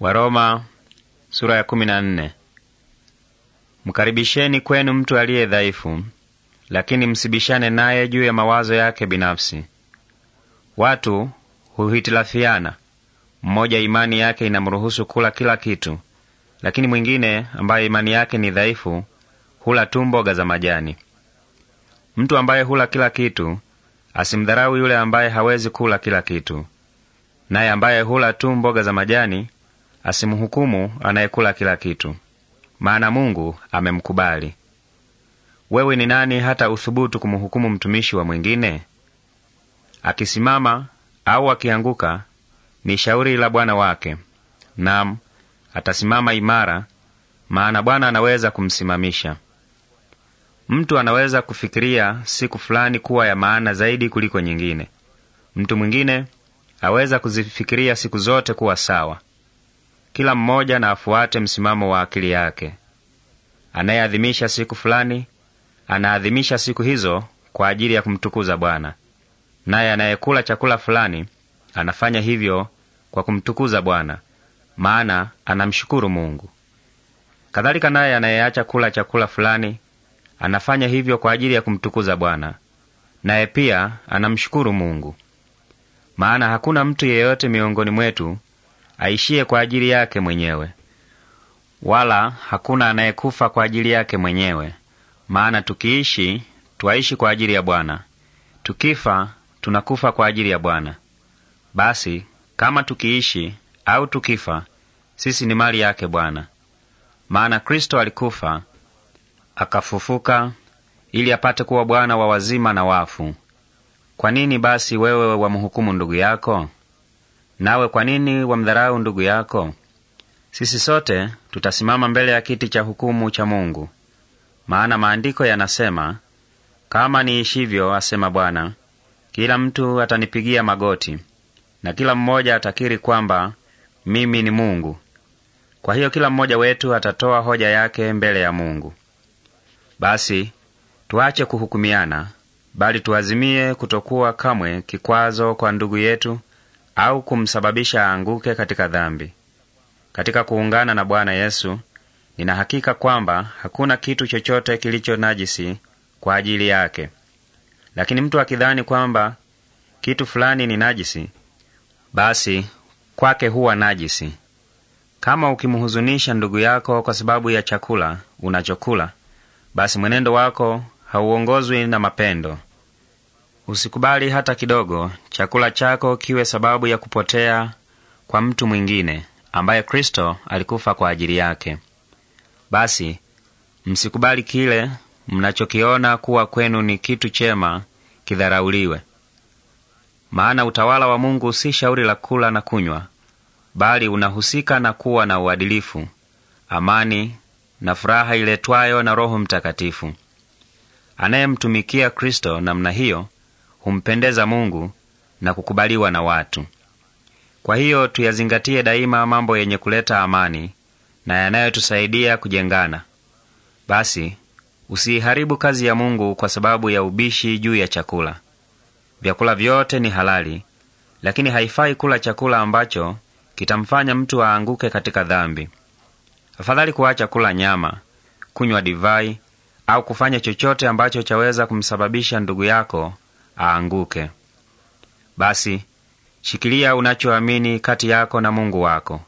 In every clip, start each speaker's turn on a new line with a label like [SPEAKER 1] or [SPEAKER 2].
[SPEAKER 1] Waroma sura ya kumi na nne. Mkaribisheni kwenu mtu aliye dhaifu, lakini msibishane naye juu ya mawazo yake binafsi. Watu huhitilafiana, mmoja imani yake inamruhusu kula kila kitu, lakini mwingine ambaye imani yake ni dhaifu hula tu mboga za majani. Mtu ambaye hula kila kitu asimdharau yule ambaye hawezi kula kila kitu, naye ambaye hula tu mboga za majani asimhukumu anayekula kila kitu, maana Mungu amemkubali. Wewe ni nani hata uthubutu kumhukumu mtumishi wa mwingine? Akisimama au akianguka, ni shauri la bwana wake. nam atasimama imara, maana Bwana anaweza kumsimamisha. Mtu anaweza kufikiria siku fulani kuwa ya maana zaidi kuliko nyingine. Mtu mwingine aweza kuzifikiria siku zote kuwa sawa. Kila mmoja na afuate msimamo wa akili yake. Anayeadhimisha siku fulani anaadhimisha siku hizo kwa ajili ya kumtukuza Bwana, naye anayekula chakula fulani anafanya hivyo kwa kumtukuza Bwana, maana anamshukuru Mungu. Kadhalika naye anayeacha kula chakula fulani anafanya hivyo kwa ajili ya kumtukuza Bwana, naye pia anamshukuru Mungu. Maana hakuna mtu yeyote miongoni mwetu aishie kwa ajili yake mwenyewe, wala hakuna anayekufa kwa ajili yake mwenyewe. Maana tukiishi twaishi kwa ajili ya Bwana, tukifa tunakufa kwa ajili ya Bwana. Basi kama tukiishi au tukifa, sisi ni mali yake Bwana. Maana Kristo alikufa akafufuka, ili apate kuwa Bwana wa wazima na wafu. Kwa nini basi wewe wamhukumu ndugu yako? Nawe kwa nini wamdharau ndugu yako? Sisi sote tutasimama mbele ya kiti cha hukumu cha Mungu. Maana maandiko yanasema, kama niishivyo, asema Bwana, kila mtu atanipigia magoti na kila mmoja atakiri kwamba mimi ni Mungu. Kwa hiyo kila mmoja wetu atatoa hoja yake mbele ya Mungu. Basi tuache kuhukumiana, bali tuazimie kutokuwa kamwe kikwazo kwa ndugu yetu au kumsababisha aanguke katika dhambi. Katika kuungana na Bwana Yesu, nina hakika kwamba hakuna kitu chochote kilicho najisi kwa ajili yake. Lakini mtu akidhani kwamba kitu fulani ni najisi, basi kwake huwa najisi. Kama ukimhuzunisha ndugu yako kwa sababu ya chakula unachokula, basi mwenendo wako hauongozwi na mapendo. Usikubali hata kidogo chakula chako kiwe sababu ya kupotea kwa mtu mwingine ambaye Kristo alikufa kwa ajili yake. Basi msikubali kile mnachokiona kuwa kwenu ni kitu chema kidharauliwe. Maana utawala wa Mungu si shauri la kula na kunywa, bali unahusika na kuwa na uadilifu, amani na furaha iletwayo na Roho Mtakatifu. Anayemtumikia Kristo namna hiyo humpendeza Mungu na kukubaliwa na watu. Kwa hiyo tuyazingatie daima mambo yenye kuleta amani na yanayotusaidia kujengana. Basi usiiharibu kazi ya Mungu kwa sababu ya ubishi juu ya chakula. Vyakula vyote ni halali, lakini haifai kula chakula ambacho kitamfanya mtu aanguke katika dhambi. Afadhali kuacha kula nyama, kunywa divai au kufanya chochote ambacho chaweza kumsababisha ndugu yako aanguke. Basi shikilia unachoamini kati yako na Mungu wako.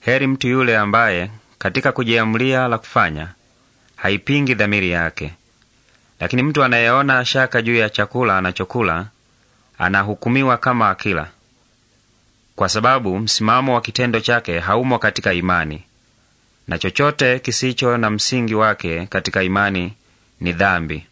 [SPEAKER 1] Heri mtu yule ambaye katika kujiamulia la kufanya haipingi dhamiri yake, lakini mtu anayeona shaka juu ya chakula anachokula anahukumiwa kama akila, kwa sababu msimamo wa kitendo chake haumo katika imani, na chochote kisicho na msingi wake katika imani ni dhambi.